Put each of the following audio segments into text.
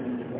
Thank you.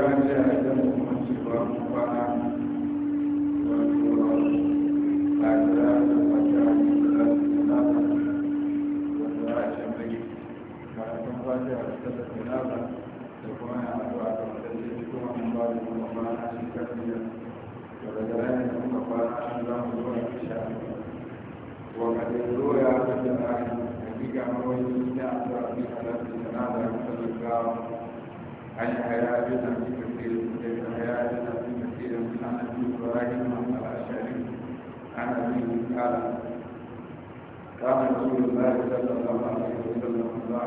ka hajji a idan mutum kwana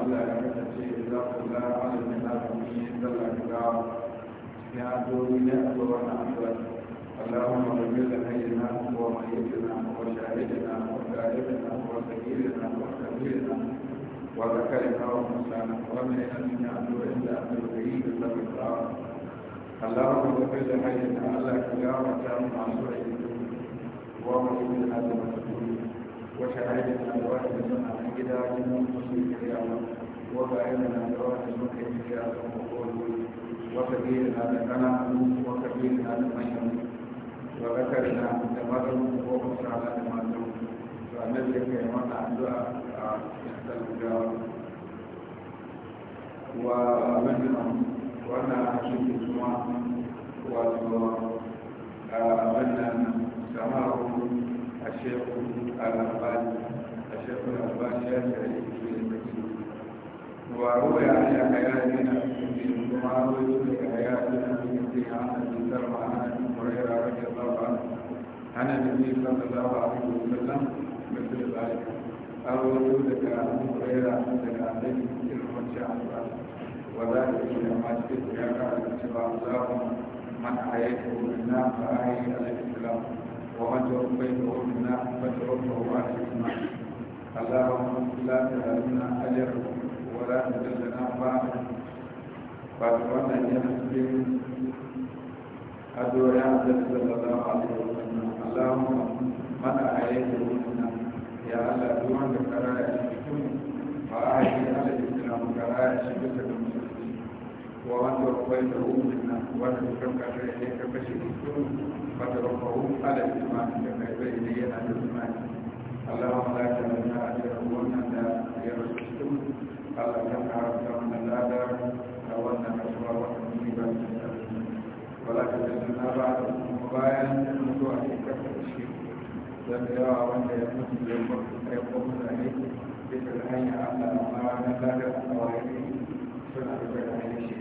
Allah ya kasance za ku ga alamin na kuma yin sallah ga ya domin ya abuwa na abuwa اللهم اغفر لحينا وميتنا وشاهدنا وشاهدنا وسيدنا وكبيرنا وذكرنا وانسانا ومن ان يعدو الا ان يريد الاقرار اللهم اغفر لحينا الا كلام كان معصوم وميتنا ومسجونا وشعائرنا الواحد منها من إلى جنون حسن القيامة وبعيننا الواحد منك القيامة وقوله وكبيرنا لنا وكبيرنا لمن وذكرنا لمرض على لمرض فنزلك يمنع الدعاء تحت الجار ومنهم وانا حشيت الجمعه ومن آه، سماهم الشيخ الألباني الشيخ الألباني يا شيخ وروي عن حياتنا وما رويت لك حياتنا في مثلها عن ابي سلمى عن ابي هريره رضي الله عنه عن النبي صلى الله عليه وسلم مثل ذلك أروي وجودك عن ابي هريره عندك عن النبي صلى الله عليه وسلم وذلك لما جئت يا كعب اتباع اللهم من حياته منا فأحيي على الإسلام ومن ترك بيته منا فتركه واثما اللهم لا تهلنا اجره ولا تذلنا بعده فاتمنى ان يحسن أدعو يا عبد صلى الله عليه وسلم اللهم من أحييته منا يا الله دون كراية شكرا وأحيي على الإسلام كراية شكرا ومن توفيته منا ولا تشك اليك فشركته فتوفه على الايمان كما بين يد الايمان اللهم لا تمنع اجرهن لا يرشدون الا تنهر كمن لا دار لو ان مشروع مصيبا ولا تجعلنا بعد مبايا الموضوع كفر الشرك لم يرى وان يموت يقوم عليه بكل حي على ما نزل عليه سنه بين عيشه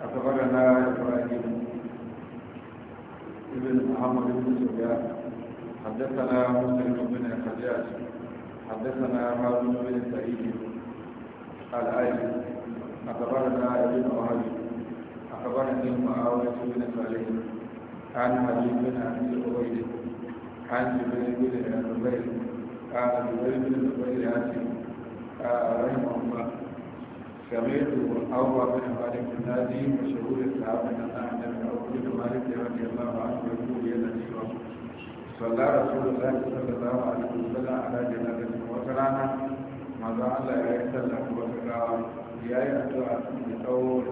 a gaba da na ibrahim ibn muhammad ibn zubya haddasa muslim ibn hajjaj haddasa na harun ibn sa'id al-ayyi a gaba da na ibn wahabi a gaba da ibn ma'awar ibn salih an hajji ibn hajji ubaid an jibin ibn zubayr an jibin ibn zubayr ya ce a rahimahullah سمعت أروى بن مالك النادي وشهور الصحابة أن النبي أبو بن مالك رضي الله عنه يقول يا نبي صلى رسول الله صلى الله عليه وسلم على جنازة وكرانا ماذا الله يسلم وكرانا يا يأتوا بقول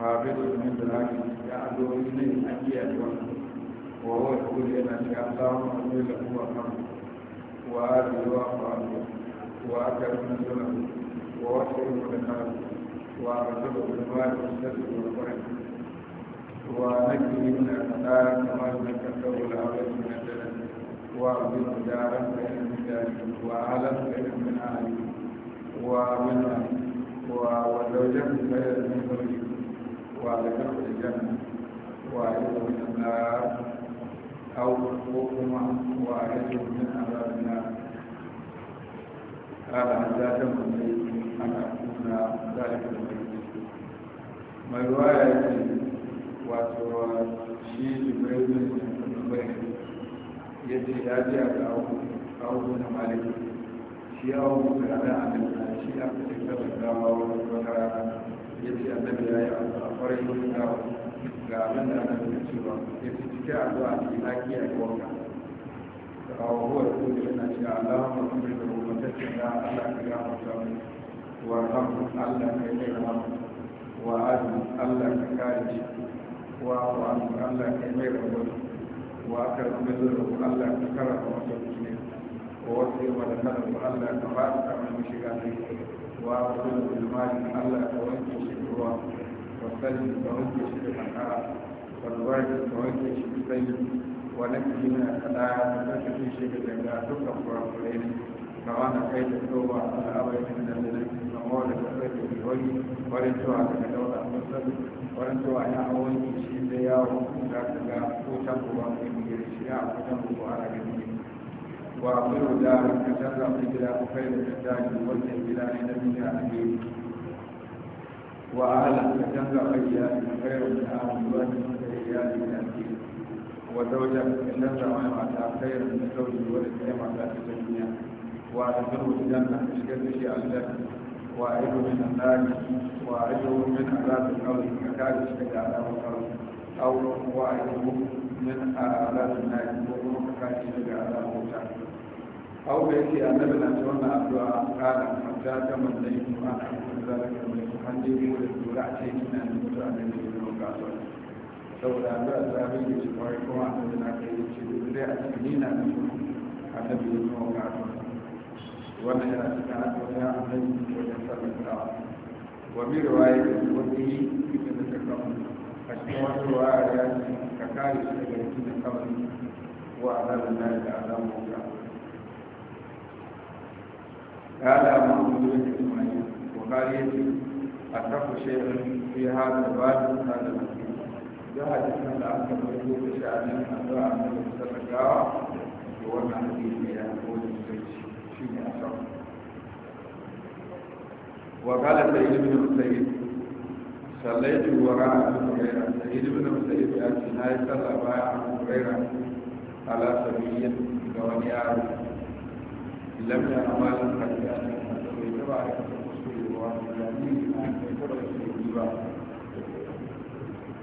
قابل من ذلك يعدو إليه أكيد وهو يقول يا نبي اللهم أقول لك هو وآله وأفعاله وأكرم نزله ووحي المتخاذ وأرجوه بالمال والسد والفرد ونجه من الخطايا كما ذكرته الأولاد من الجنة وأرجوه دارا فإن من داره وأهلا فإن من أهله ومن وزوجه فإن من زوجه وأدخله الجنة وأعيده من النار أو حقوقهما وأعيده من عذاب النار قال أنزادا من أن أكون ذلك ما رواية واتوا جبريل بن جبير يجي يأتي أو بن مالك shi ya hau mutu da ɗan annabi shi aka ce ta da dama wani wata rana ya ce annabi ya yi abu a farai wani dawa ga abin da annabi ya ce ba ya ce وهو يقول لنا يا الله وكبر ومتكئا على كلام الرب وارحمه الله كيرحمه وآدم الله كارج وأعوان الله كمير وجه وأكرم بذره الله كرم وجه ووصي ولدنه الله كبارك من مشيئته وأرسل بالمال الله كوجه شكره والسجن كوجه شكر الحرام والوالد كوجه شكر سيده ونجنا فلا تشرك شيء لا تكفر عليه فأنا كيف توبة على أبيت من الذين موالد أبيت بوجه ورنتوا على دولة مصر ورنتوا على أول شيء دياو ذاك لا تتبوا من الشيعة تتبوا على جميع وأقول ذلك تشرع إلى خير الإحسان والوجه إلى نبينا أبيه وأعلم تشرع إياه خير من أهل الوجه وإياه من أبيه وزوجة إن نزع مع خير من زوج ولد مع ذات الدنيا وأدخله الجنة اشكال شيء الجنة وأعيده من النار وأعيده من عذاب القبر ككاد اشتكى عذاب القبر أو وأعيده من عذاب النار وكما ككاد اشتكى عذاب الوجع أو بيتي النبي أن تولى الدعاء قال حتى تمنيت أن أكون ذلك الملك حتى يقول الدعاء شيء من المتعلم من الوقاصر saboda Allah zabi ya ce kawai kuma annabi na kai ya ce dai a cikin ni na nan annabi ya zo ga wannan yana cikin addu'a annabi wajen sallallahu wa bi riwayati wani ibn takam a cikin wata riwaya ya ce ka kare shi daga cikin kabari wa azabin nan da azabin ka قال محمود بن اسماعيل وقال يتي أتقوا شيئا في هذا الباب da الباب da hadisin da aka rubuto da sha'anin addu'a annabi sallallahu alaihi wa wannan hadisi ne da wani sai shi ne a sama wa qala sayyid ibn musayyib sallaitu wa ra'a ibn hurayra sayyid ibn musayyib ya ce na yi sallah baya a hurayra ala sabiyyin ga wani yaro lam ya amalin hadisi a cikin hadisi ba a yi kuskure ba wani yanayi a cikin ba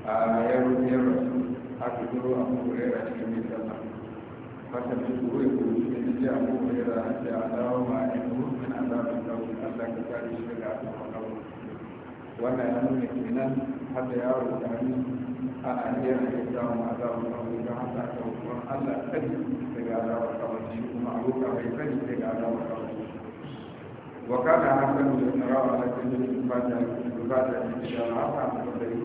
a ya rufe rasu aka zuro a kurera cikin mai sallah fasa mai tsoro ya kuru shi ne ce a ya da ce a dawo ma a yi rufin azabin kawo allah ka kare shi daga azabin kawo wannan ya nuna kenan har da yaro da ana iya rage samun azabin kawo don haka aka hukumar allah kari daga azabin kawo shi kuma a roƙa bai kari daga azabin kawo وكان da بن da على كل بعد بعد الشرع عن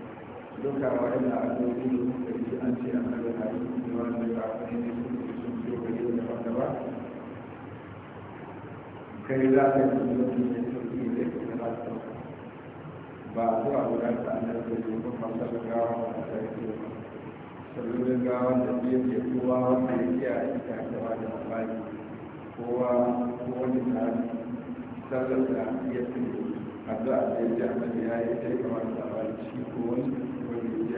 duka waɗanda a zoji da suka ji an ce an kare a yi ne wanda ba a ne sun yi sun ce yau da wanda ba kai za ka yi da mutum ne sauki da ke da lafiya ba a zuwa guda ta an da ke yi kuma masu gawa a sarki ba sallolin gawa da biyan ke kowa wanda ya iya ita da wani kowa ko wani tsari sallar da ya fi addu'a da ya ji ya yi ta yi kamar da wani shi ko wani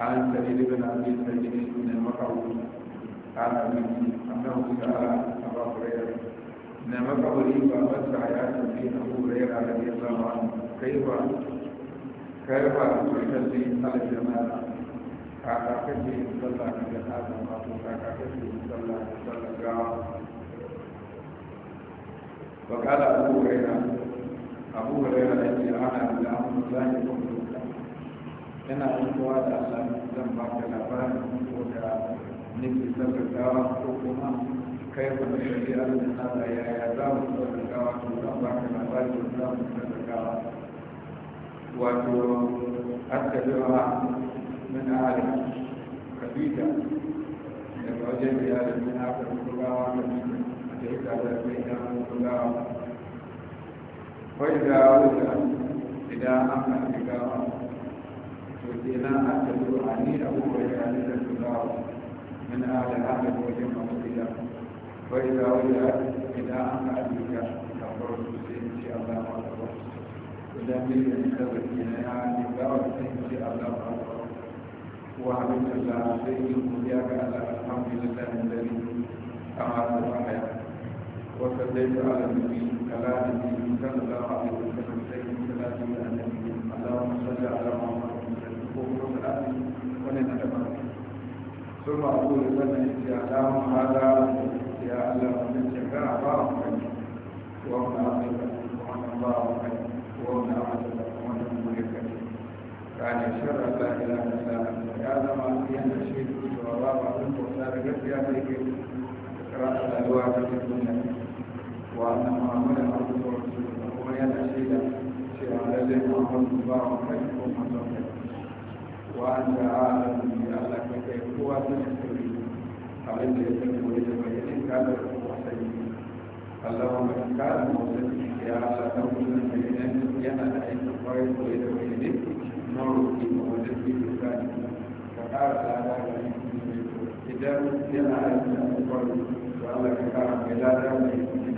عن سعيد بن ابي سعيد بن المقعود عن أبيه ابيه انه سال ابا هريره ان مقعولي فامس حياه في أبو هريره رضي الله عنه كيف كيف تصلي على صلى kaka kake sallah na janaza wato kaka kake sallah na sallah gawa wa kala abu huraira abu huraira ya ce ana da yana rantsuwa da Allah zan ba ka labarin ko da nake sarrafawa ko kuma kai ba da shari'ar da nasa yaya za mu sarrafawa to zan ba ka labarin ko za mu sarrafawa wato attabi'a min ahli kabita daga wajen iyalin min ahli kulawa kabita da ita da kai da kulawa wai da wuta idan an kan gawa وإذا أكد عليه وجعلنا الكفار من أهل العمل وجمع إلى وإذا وجعت إلى أن أهلك كفرت إن شاء الله أكبر إذا من ينتظر إلى أهل إن شاء الله أكبر وعمل الله سيدهم إياك على الحمد لله الذي أعاد الحياة وصليت على النبي على النبي صلى الله عليه وسلم سيد ثلاثين النبي اللهم صل على محمد القرآن ونتبع ثم أقول لنا استعلام هذا استعلام من شفاء الله خير ومن عقبة ومن الله خير ومن عقبة ومن ملكة كان شر لا إله إلا أنت يا زمان في أن الشيخ والله أنت وسارقت يا بيك قراءة الألواح في الدنيا وأن محمدا عبده ورسوله ومن يدعي شيئا شيئا لديه محمد الله خير wanda alamun da Allah ke kai kowa ta nufuri abin da ya san kuma da bai yi kada kuma sai Allah ma kan kada mu da shi ya Allah ta kuma da ne nan yana da aiki kwai kuma da bai ne na roki ko da shi da kai ka kara da Allah ne idan yana aiki kwai to Allah ka kara da Allah ne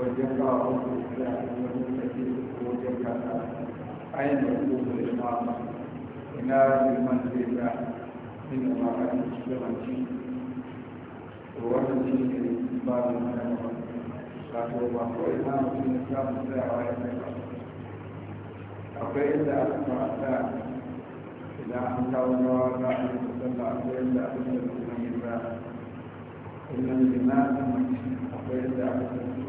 wajen ba wa wasu da wajen tafi wajen kasa ayin da kuma da imama ina liman zai ga inda ma ka yi shugabanci to wannan shi ne ba da mana ba wato ba kawai na mutum ya samu tsayawa ya kai ba akwai inda aka fara tsaya idan an kawo nawa za a yi sallah akwai inda aka yi sallah kullum jina na mace akwai yadda aka tafi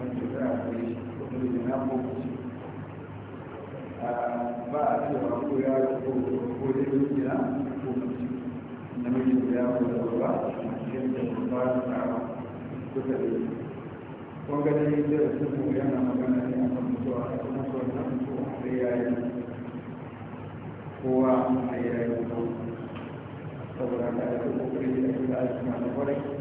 ta yana magana ne akan mutuwa a kuma so a ake kwarai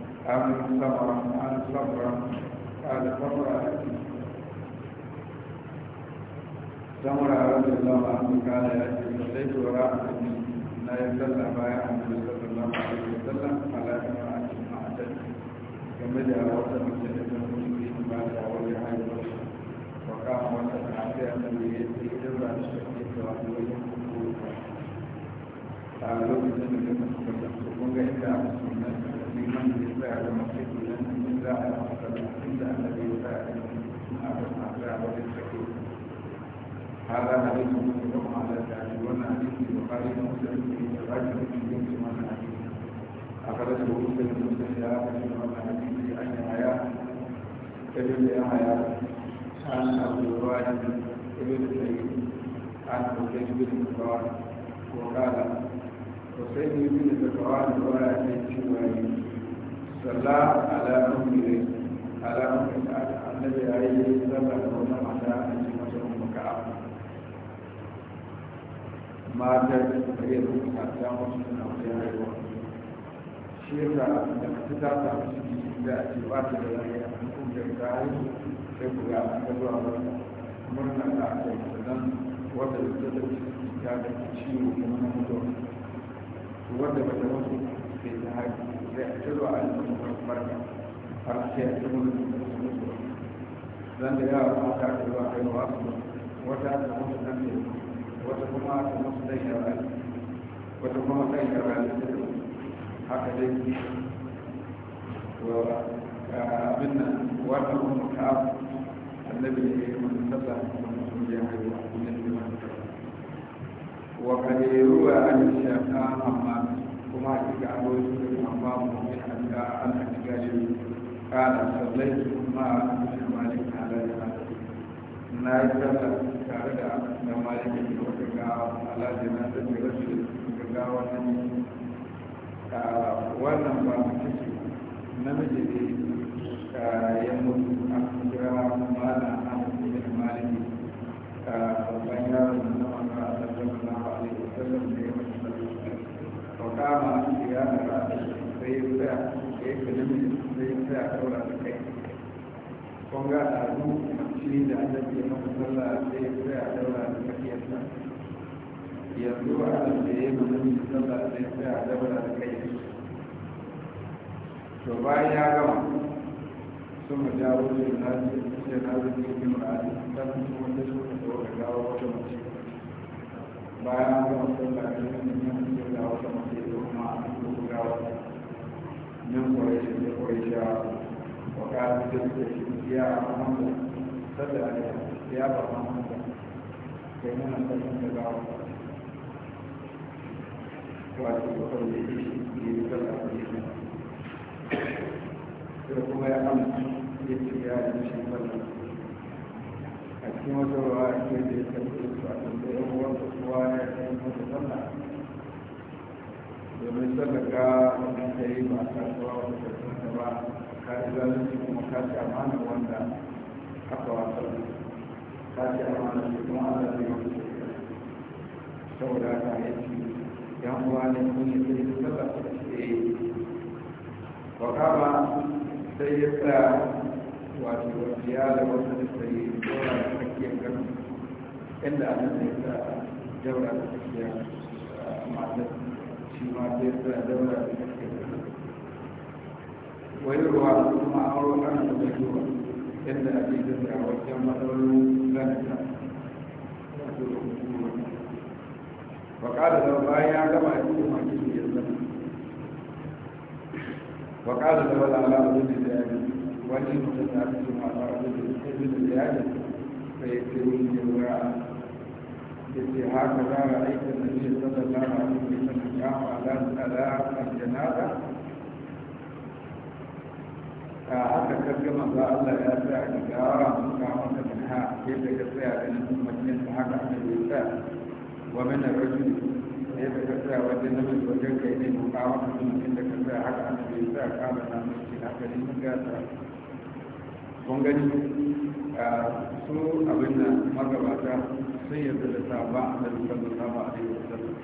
قال صبرا قال صبرا قال صبرا سمر رضي الله عنه قال صليت وراء النبي لا يصلى بايع النبي صلى الله عليه وسلم على امرأة معتد كما جاء وسط مسجد المسلمين بعد اول عام وقام وسط عشاء النبي يجب ان يشتكيك وحده قالوا بسم الله الرحمن الرحيم Wa kala, ko sai ne yi da kawai da wa ya ce ciwaye salla ala ne, ala mu'min annabi ya yi sallah da wata mata a cikin wata ummaka mata da su suka yi rubuta ta mutu suna wajen haihuwa shi yasa da ka ta samu ciki da a ce ba ta da lafiya an kuma ta haihu sai ku ga an ga zuwa wata murna ta a kai sannan wata da ta da ciki ta da ciwo kuma na mutuwa wanda ba ta mutu sai ta haihu يحتلوا على المركة أرسل يحتلوا لن يرى ما تعتلوا عليه وأصله وتعتلوا نفسه وتكما تمس ليها الألف وتكما ليها حتى هكذا ومنا وأنهم كعب النبي من سبع ومسلم جاهل وحسن وقد روى عن الشيخ أحمد آه أبو يوسف أمام من kada أنا da قال صليت مع أنس مالك على الأرض نايتا كاردا نمالك يوكا على جنازة رجل كاوا نمي wannan ba mutum namiji ne ka ya mutu a kira mala a mutum maliki ka babban na wanda a sallallahu alaihi da ya mutu kama an ya na rasa sai ya tsaya ya yi kalmi sai ya tsaya daura da kai kun ga ɗazu shi da annabi ya masa sallah sai ya tsaya daura da kafiyarsa yanzu a da ya yi mutum sallah sai ya tsaya daura da kai to bayan ya gama sun mu jawo shi na zai cikin ra'ayi sannan kuma ta shi ta dawo wata mace bayan kuma gama sallah da yin nan sai ga wata mace da kuma an gudu ga wata nan kwarai da kwarai sha wa ka da suke shi ya amma sallah da ya ba amma kai mana sallah da ga wata wato kwarai da shi ne da sallah da shi sai kuma ya amma ya ce ya yi shi sallah a cikin wata ruwa a ke da ya tafi su a tambayin wata kuwa ya yi mata sallah domin sallaka wanda ta yi ba ta kuwa wata tattata ba ka yi zalunci kuma ka ci amana wanda aka wasa ka ci amana shi kuma ana zai wata saboda ka yi ci yan uwa ne kun yi sai da sallah ta ce wa kama sai ya tsaya wato ya da wasu da sai jaura da tsakiyar gano inda an da ya sa jaura da tsakiyar matar shi ma sai sa jaura da tsakiyar wani ruwa kuma an ruwa ana da zuwa inda ake gaza wajen matsalolin ganta wato وقال لو بايع كما يكون ما يجوز وقال لو العلاء بن ذلك wani mutum na cikin masu arzikin sirri da yadda sai ya ce wani ne wura da ce haka za a aikin da ne sallallahu alaihi wa da ya ma'ala tsada a janaza a haka kaga manzo Allah ya sa a gaggawa muka maka min ha yadda ka tsaya da nan mutum ta haka aka yi sa wa min ar-rajul yadda ka tsaya wajen namiji wajen kai ne muka maka min da ka tsaya haka aka yi sa ka na mutum haka ne mun gasa kun gani su abin da magabata sun yarda da sahaba annabi a alaihi wasallam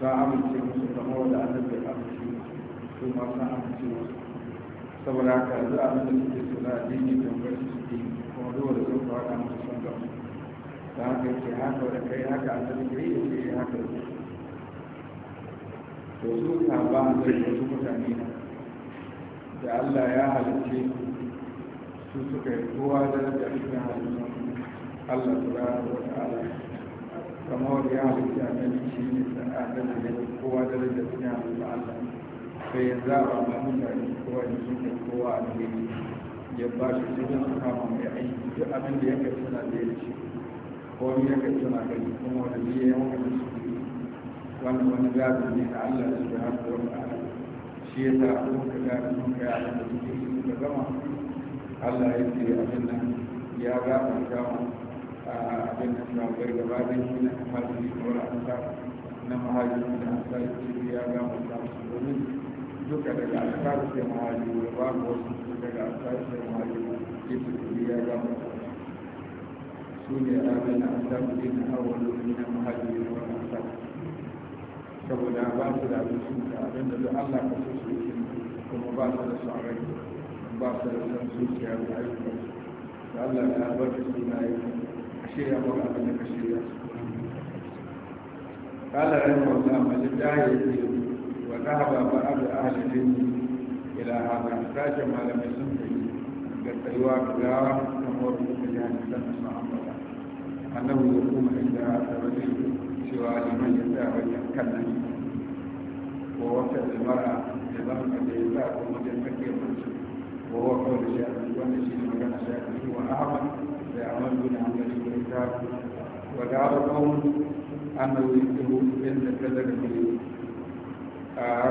sa amince musu kamar wanda annabi ya amince musu su ma sa amince musu saboda haka yanzu abin da suke so na addini da wani ke, kuma duk da sun fara musu sun gamu da haka yake haka da kai haka annabi kai yake haka to su sahaba annabi su mutane da Allah ya halicce su su suka yi kowa da da ake halittu Allah subhanahu wa ta'ala kamar ya halitta annabi shi ne da ne kowa da da ake halittu Allah sai ya zaba ma mutane kowa da su ne kowa a gari ya ba shi cikin su kama mai aiki duk abin da ya kai suna da ya ce ko ya kai suna gani, kuma wanda ya yi wani su wani wani zaɓi ne da Allah subhanahu wa ta'ala shi ya sa kuma ka gani sun kai a nan da suke su da gama Allah ya ce abin nan ya ga a gafarta a abin da ya bai gaba da shi na mahaji da ansa na mahajjin da ansa ya ce ya gafarta mu domin duka daga ansa sai mahaji da ba ko su daga ansa sai ke su ce ya gafarta mu su ne a abin da an ansa ne na hawa awalin na mahajjin da ansa saboda ba su da abin da Allah ka so su yi kuma ba su da su a rai ba su da wani suke a da aiki da Allah ya bar da suna yi a shirya ba a ka shirya su kala ran wanda mai tayi ne wa ba a da ahli dini ila hada ta jama'a da mai sunna ga tsayuwa ga kamar da ya ji da su amma annabi ya kuma inda ta rubi cewa liman ya ta wani kallani ko wata limara da zama da ya za a kuma jin kake mutum وهو قول الشافعي والنسيم وكان الشافعي واحمد لعمل بن عمرو بن كعب ودعا القوم انه يكتب عند كذا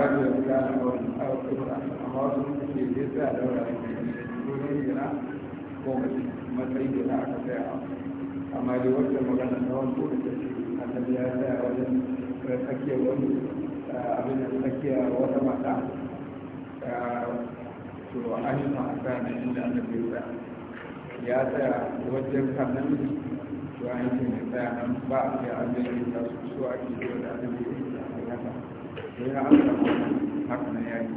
رجل كان او كبرى امراض في جده دوله دونينا قومت matsayi da aka tsaya amma da wata magana ta wanko da ta ce annabi ya tsaya wajen tsakiya wani abin da tsakiya wata mata to an yi ma'asa da inda an bai sa ya tsaya wajen kan namiji to an yi mai tsaya nan ba a kai an bai sa su so a ke da an bai sa a haka to ya an samu haka na yayi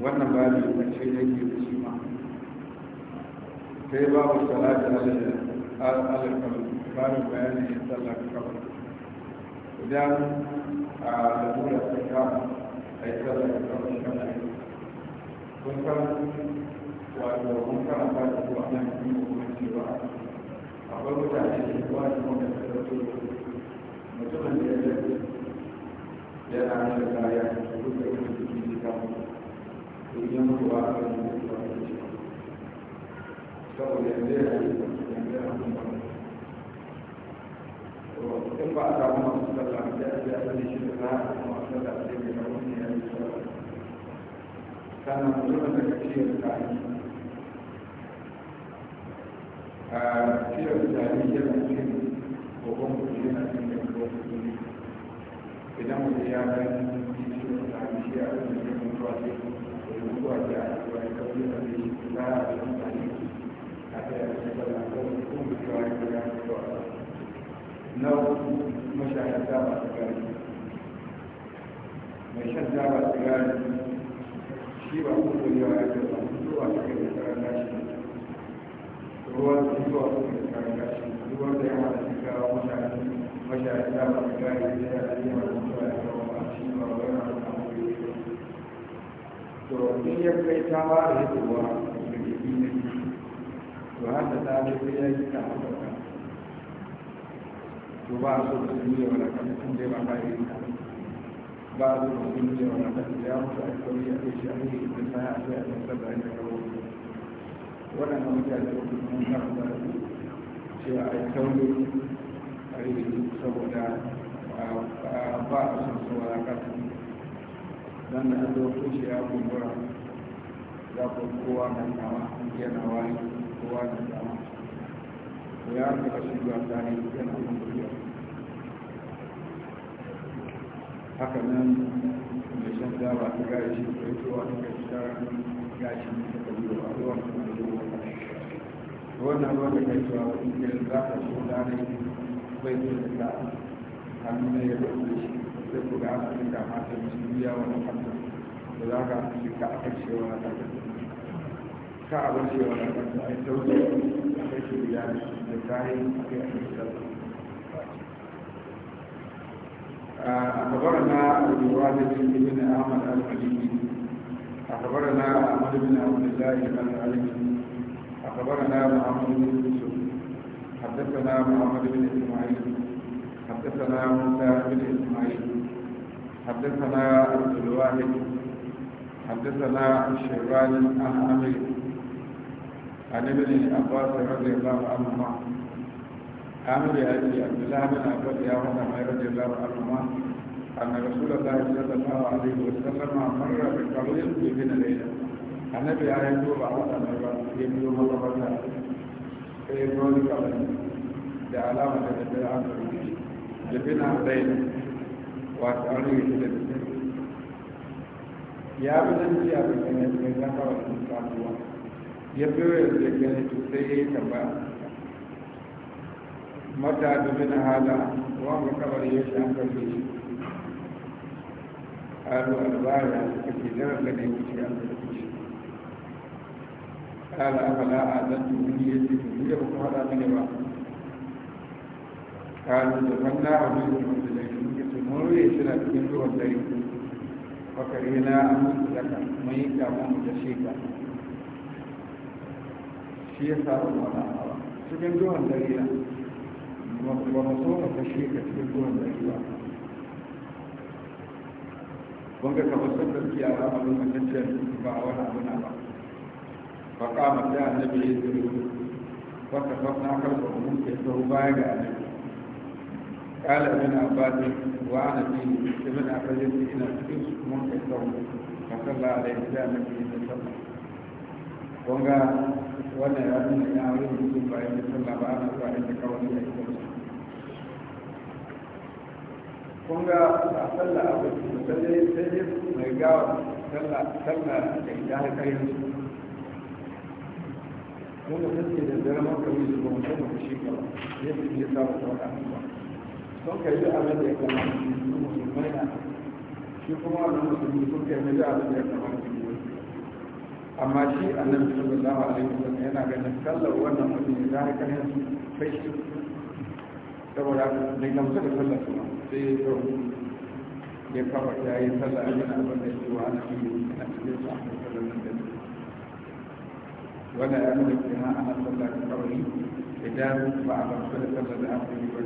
wannan ba da kace yake da shi ma sai babu salatu alal babu bayanin ya sallar kabar idan a lura ta kama a yi sallar kabar kana yi kun karanta wato kun karanta da su a nan cikin hukumar cewa akwai mutane da yawa da wanda suka so mutumin da ya zai yana da kaya da duk da ne kafin to idan mutuwa a da su da kan shi saboda yanzu yana yi ya yana kuma in ba a samu masu sallah da ya zai shi da za a kuma sallah sai da ya ya yi sallah sannan mutumin da ka da a ciyar da ni yana cin babban mutum yana cin da kawai idan mutum ya gani ciyar da ni shi a cikin da mutuwa ce da mutuwa ce a cikin wani kawai da ne shi ta a cikin da ni a ta yi cikin da kawai kuma mutuwa ya kuma mutuwa na mashahada masu gani mai shan daba sigari shi ba su zuwa ya ce ba su zuwa su kai karan gashi ruwa su zuwa su kai karan gashi ruwa da yawa da suka mutane mashayar da ba su gari da ya ce ba su zuwa ya kawo ba shi ba wai na su samu yi to in ya kai ta ba da ya zuwa da ke yi ne to har da ta ne sai ya yi ta haɓaka to ba su da su yi wa da kan sun dai ba ba yi ta ba a zuwa kun ce wani ɗan ya mutu a kawai a kai shi a kai da ta a kai a kan sabba inda kawo waɗanda mutane da kuma mun karanta da su cewa a yi tauri a yi saboda ba a son za kowa na kowa na ya yana haka nan mai shan dawa ta gashi da ita wani gashi gashi da ta biyu a ruwan kuma da wannan ruwan da kai cewa irin za ta so da ne bai zai da ta hannu ne ya rufe shi sai ku ga ana cika mata musu biya wani hannu da za ka fi ka aka cewa na ta ka abin cewa na ta ta yi sauke a kai shi biya da kayan a kai a kai أخبرنا أبو والد بن أحمد الحليمي أخبرنا أحمد بن عبد الله العلمي أخبرنا محمد بن يوسف حدثنا محمد بن إسماعيل حدثنا موسى بن إسماعيل حدثنا عبد الواحد حدثنا الشيباني عن عمرو عن ابن عباس رضي الله عنهما amir ya ce abdullahi bin ya yi ba faɗa mai ya biyo maka faɗa sai ya zo yi mata da min hala wanga kabari ya shi aka fi alu albara suka ce jiran da ne kuce an da kuce ala afala a zan tuni ya ce tuni da kuma hada mini ba kalu da fanna a wani ruwan da zai suke ce mun ruye suna cikin ruwan dare bakare na amince daga mun yi kama mu da shekara shi ya sa wani wani cikin ruwan dare na ba mu so mu kashe ka cikin tuwon da ba wanda ka wasu gaskiya ba a lokacin ba wani abu na ba fa kama da annabi ya zuru fa ka fa na karba mun ke so baya ga annabi kala ibn abbas wa ana fi ibn abbas ina cikin mun ke kun ga a tsalla a wajen musallai sai dai mai gawa sallah tsalla da ita har kai su mun da take da zama kawai su ba mutum da shi ba ne su ne sa ba ta ba sun kai da abin da ya kamata su musulmai na shi kuma wani musulmi sun kai da abin da ya kamata su amma shi annabi sallallahu alaihi wasallam yana ganin sallar wannan mutum ya zai kai su fashi saboda da gamsu da sallar su sai ya zo ya kafa ta yi sallar yana abin da shi wa shi a cikin a sallar nan da ya nuna ana sallar da kawai idan ba a da sallar da aka yi ba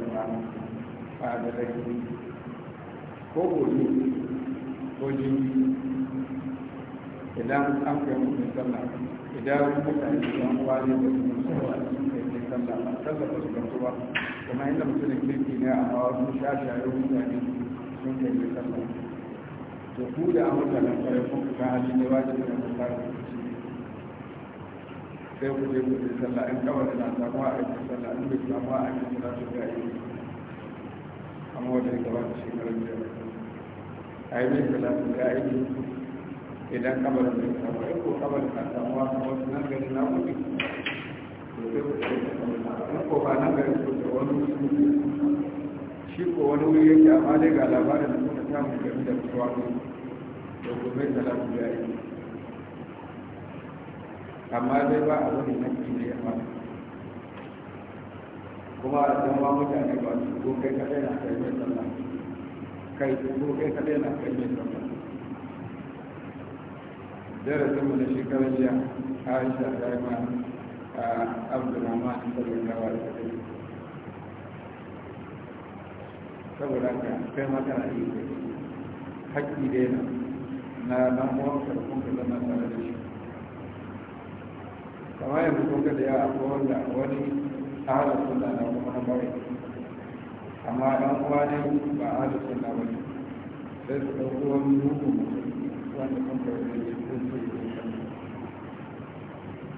ba da rai ko gobe ko jini idan an kai mutum idan mutane yan da su su kuma inda mutumin kirki ne amma wasu shashayen mutane sun kai da sallah to ku da an mutanen kwarai kun kuka hali ne wajen da ku sai ku je ku je sallah in kawai na samuwa a yi sallah in bai samuwa a yi sallah su ga yi amma wanda ya gabata shekarar biyar a yi mai sallah su ga yi idan kabarin bai samuwa in ko kabarin na samuwa kuma wasu nan gari na mutu to sai ku je in ko ba nan garin ko da wani shi ko wani wuri yake amma dai ga labarin da muka samu game da da gobe ya yi amma dai ba a wani haƙƙi ne amma kuma a mutane ba su ko kai kaɗai na kai sallah kai ko kai kaɗai na sallah na shekarar jiya aisha ta yi عبد الرحمن صلى الله saboda ka kai mata na iya haƙƙi na karfin zama tare da shi kama yanzu ko da wanda wani ahalar suna na kuma na bari amma ɗan uwa ne ba suna ba ne sai su ɗauko wani mutum wanda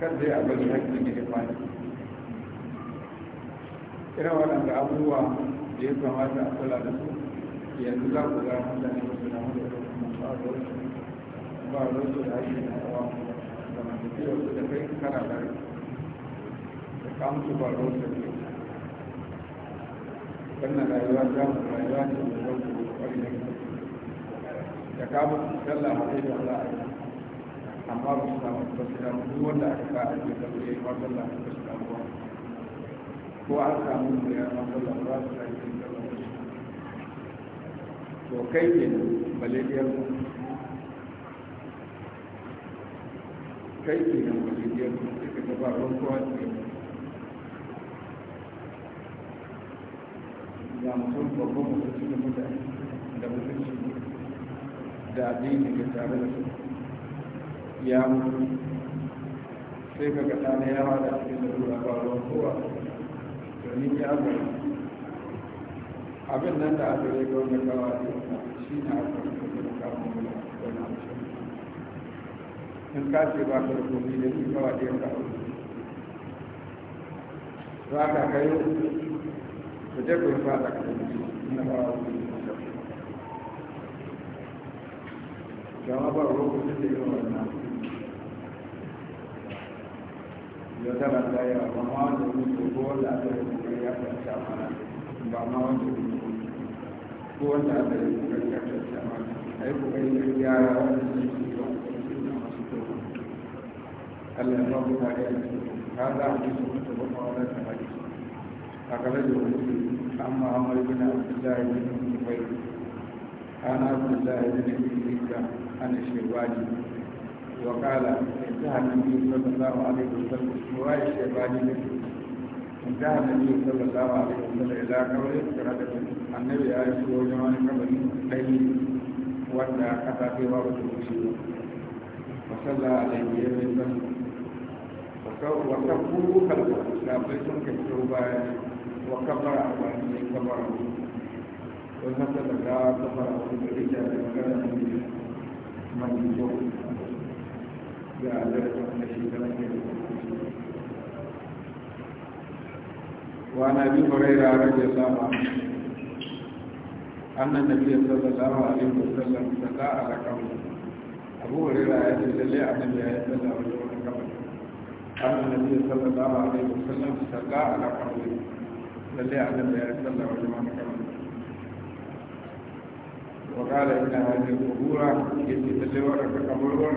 kar ya a bari haƙƙin da ya fadi irin waɗanda abubuwa da ya kamata a kula da su yanzu za ku ga mutane ba su damu da ba rosu da ake na rawa da mantakiyar su da kai kana da rai da kamsu ba rosu da wannan rayuwa za mu rayuwa ce da zan ku kwari da ka da kamun sallah a ɗaya da za a yi amma ba su samu ba su samu duk wanda aka ake ya yi da aka su ko an samu da ya yin ba to kai ke mu kai ke nan mu ka mutum babban mutum cikin mutane da mutum da tare da su ya mutu sai ka gata na yawa da cikin da tura ba ruwan kowa da ni ya bari abin nan da aka rai ga wani gawa da shi na aka rai da kawo da wani amshi in ka ce ba ka rukuni da shi gawa da yanka aure za ka kai da je ku yi fata ka tafi na kawo da jama'a ba ruwan da ya yi wannan da tara da ya ba ma wanda ne ko wanda aka yi ya karshe amana ba ma wanda ne ko wanda aka yi ya karshe amana ai ko kai ne ya wanda ne ko masu kyau Allah ya ba ka ya هذا حديث متفق على الحديث أخرجه عن محمد بن عبد الله بن زبير عن عبد yi بن عبد عن الشيباني وقال da hannabi sallallahu alaihi wasallam ruwa ya ce ba ni ne da hannabi sallallahu alaihi wasallam ya da kawai da rada ne ya yi suwa jama'an kamarin dai wanda aka tafi wa wata wuce ne masalla alaihi ya bai san wata kuru kalba da bai sun kai kyau bayan wa kabara a wani mai kabara ne wani hasa da ta kabara wani da ya ce a cikin kanan ne mai kyau ya halarta wanda shekara ke da وعن ابي هريره رضي الله عنه ان النبي صلى الله عليه وسلم صلى على قوم ابو هريره يقول لي ان النبي صلى الله عليه وسلم ان النبي صلى الله عليه وسلم صلى على قوم لي ان النبي صلى الله عليه وسلم وقال ان هذه القبور يجب تلوى القبور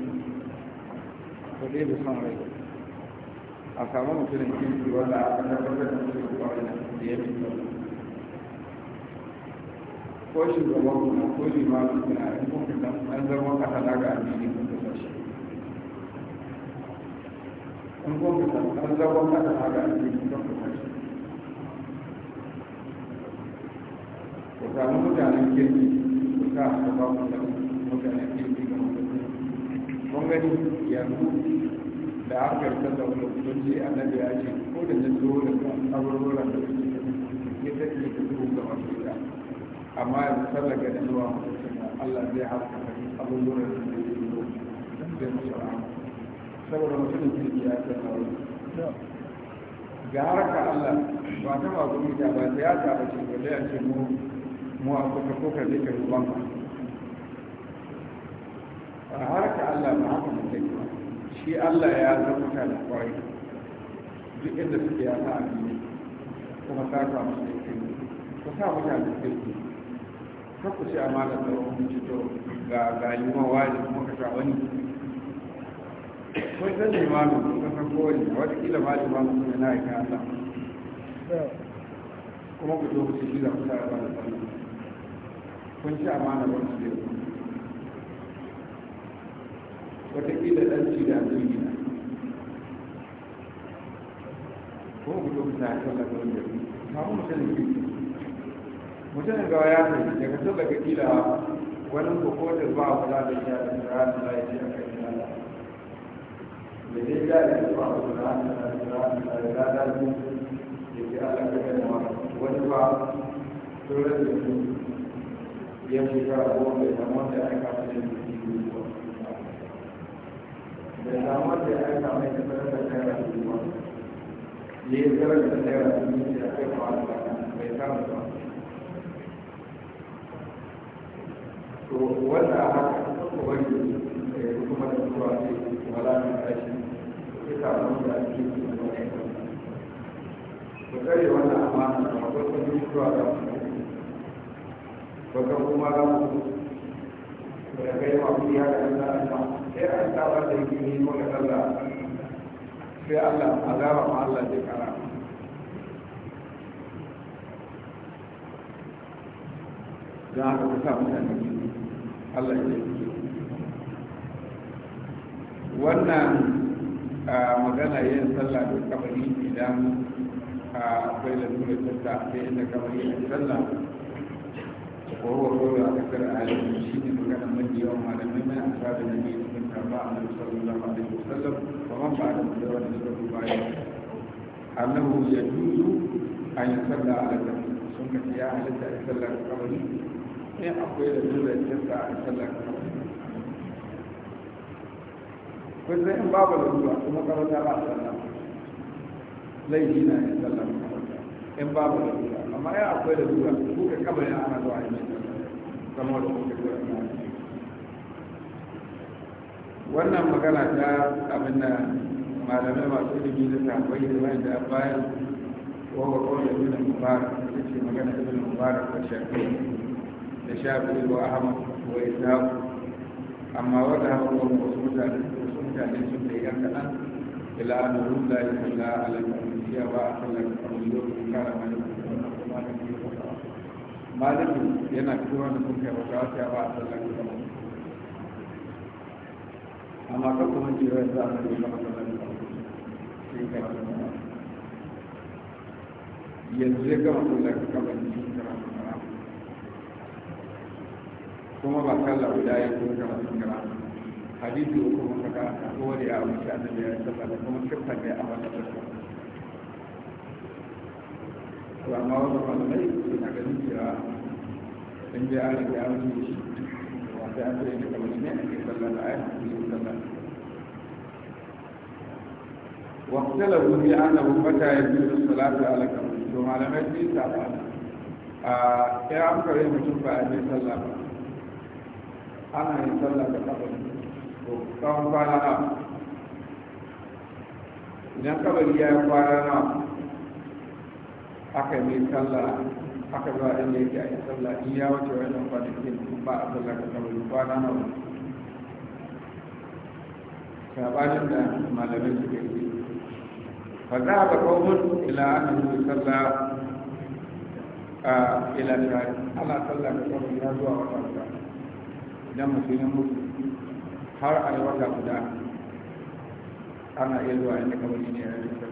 Kuɗi ɗebe son rai a samu mutumin kirki wanda a kan tabbatar da mutumin kwarai da ya fi ko shugaban kuna ko limamin kuna in kun fita an zama ka halaga a fili kun fita shi in kun fita an zama ka halaga a fili kun fita shi ku samu mutanen kirki ku sa ku ba ku mutanen kirki mun gani yanzu da harkar ta da wani nan da ya ce ko da jin zo da abubuwan da suke ya ke da su ga wasu da amma yanzu sallaka da ce Allah zai harka abubuwan da suke zai da rahama saboda mutumin kirki ya ce kawai ga harka Allah ba ta ba ta ba ta ya ta ba ce balle ya ce mu a kuka ko ka je ka ruban ba haka Allah ba haka mutum shi Allah ya zama mutane kwarai duk inda suke ya sa abin kuma sa ka musu da ke ku sa mutane da ke ka ku ce amana da wani cito ga galiman wani kuma ka sa wani kun san limamin kun san kowane wata kila ma limamin kuma na aika Allah kuma ku zo ku ce shi za ku sa amana da wani kun ci amana wani da ya watakila ɗan ci da abin gina ko ku ta kuna sallah da ta kawo mutanen kirki mutanen gawa ya ta daga sallah ga kila wani kokotar ba a da ya da ranar da ya ce a kan ta da dai ya da ba a kula da ranar da ya da su ya ce allah ka gani ma wani ba turar da ya shekara ta da ta ta wanda ya da damar da ya aika mai da tsarar da naira ya yi tsarar da naira dubu da aka kawo da bai samu ba to wanda a haka ko wani da ya kuma da zuwa ce wala mai tashi ya samu da ake yi da wani ku tsare wannan amana da kwakwakwan yi zuwa da kuma kuma za mu da kai mafi ya ga Allah sai an saba da yake yi sai Allah azaba ma Allah kara haka ku sa mutane Allah ya yi wannan magana yin sallah da kamari idan akwai lalura tatta ta inda kamari sallah ko ko ko a kasar alim shi ne magana mai yawan malamai mai amsa da nabi ba a nan sallallahu alaihi wasallam ba man ba da mutuwa da suka bayan annahu ya juzu an yi sallah a lakar sun ka ya halitta a sallah kamari ne akwai da dole ya sa a sallah kamari ko sai in babu da ruwa kuma karanta ba sallah laifi na ya sallah in babu da ruwa amma ya da ruwa ko ana zuwa yin wannan magana ta abin da malamai masu ilimi da tambayi da wani da bayan wawa kawai da ibn mubarak da ce magana ibn mubarak da shafi da shafi wa ahmad wa isaku amma wanda haka kuma wasu mutane wasu mutane sun da yan kaɗan ila an da ya kalla alaƙa ba a kalla da abubuwa da kara mana malamin yana kuma da kuma kai wata wata ba a kalla da amma kan kuma jirar za a yi yanzu ya gama kula ka kama jikin kama karatun kuma ba kalla guda ya kuma karatun karatun hadisi uku ko wani ya amince da kuma siffar da ya amata da su amma wanda malamai suna ganin cewa in dai an riga an shi wanda an zai da kawai ne ake ayat salatu ala kamar to malamai sun yi saba a ah, ya amkare mutum ba a bai sallah ba ana yin sallah da kabari to tsawon kwana na kwana na aka yi sallah aka zuwa inda yake a sallah in ya wuce wannan kwanakin ba a sallah ka kamar kwana na wani sabanin da malamai suka yi fa za a baka mun ila an yi sallah ah, a ila shari ana sallah ka kamar ya zuwa wata guda idan mutum ya mutu har a yi wata guda ana iya zuwa inda kamar ne ya yi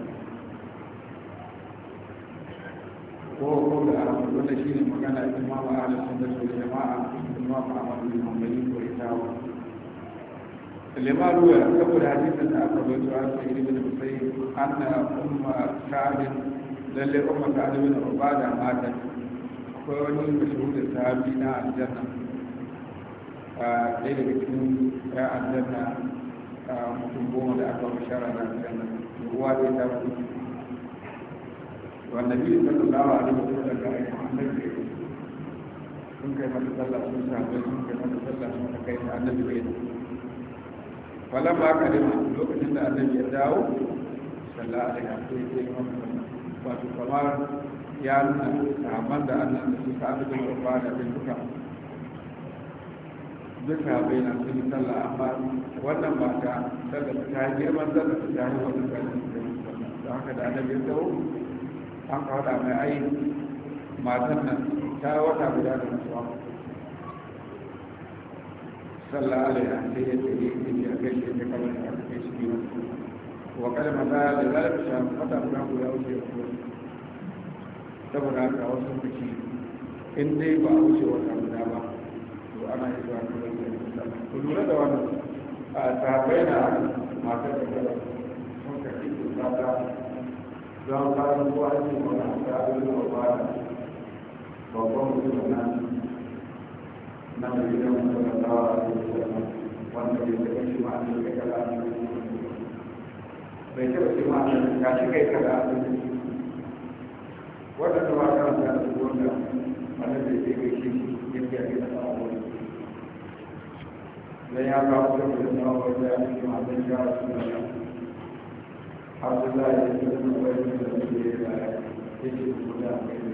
ahmad wannan shine magana imam ahlus sunnah wal jamaa imam ahmad bin hanbal ko itawa lima ruwa saboda hadisin da aka bai zuwa sai ibn musayyib anna umma sa'd lalle umma sa'd bin ubada mata akwai wani mashhurin sahabi na aljanna ɗaya daga cikin ya aljanna mutum goma da aka bishara na aljanna ruwa da ta mutum والنبي صلى الله عليه وسلم كان يتحمل sun kai mata sallah sun shafe sun kai mata sallah sun kai ta annabi bai da falan ba ka da lokacin da annabi ya dawo sallah a daga sai sai mata wato kamar ya nuna sahabban da annabi su bai na sallah amma wannan mata sallah ta yi girman da, ta yi wannan sallah da haka da annabi ya dawo an faɗa mai ai matan nan ta wata guda da mutuwa sallah alaiya sai ya tsaye in a kai shi ta kama da aka kai shi biyu wa kada maza da lalata wata guda guda wuce ya kuwa saboda haka wasu biki in dai ba a wuce wata guda ba to ana yi zuwa kuma da ku lura da wannan a tafai na matar da kada sun karfi da don kasan ko ake mana ta abin da ba da babban mutum na na mai gidan mutum da a wanda bai taɓa shi ma an kai kala a cikin bai taɓa shi ma an ka shi kai kala a cikin wanda ta ba ta da wanda bai taɓa shi yadda ya gina a wani dan ya kawo da mutum na wanda ya fi ma zai jawo su da abdullahi ya ce zama da su ya yi ya a kai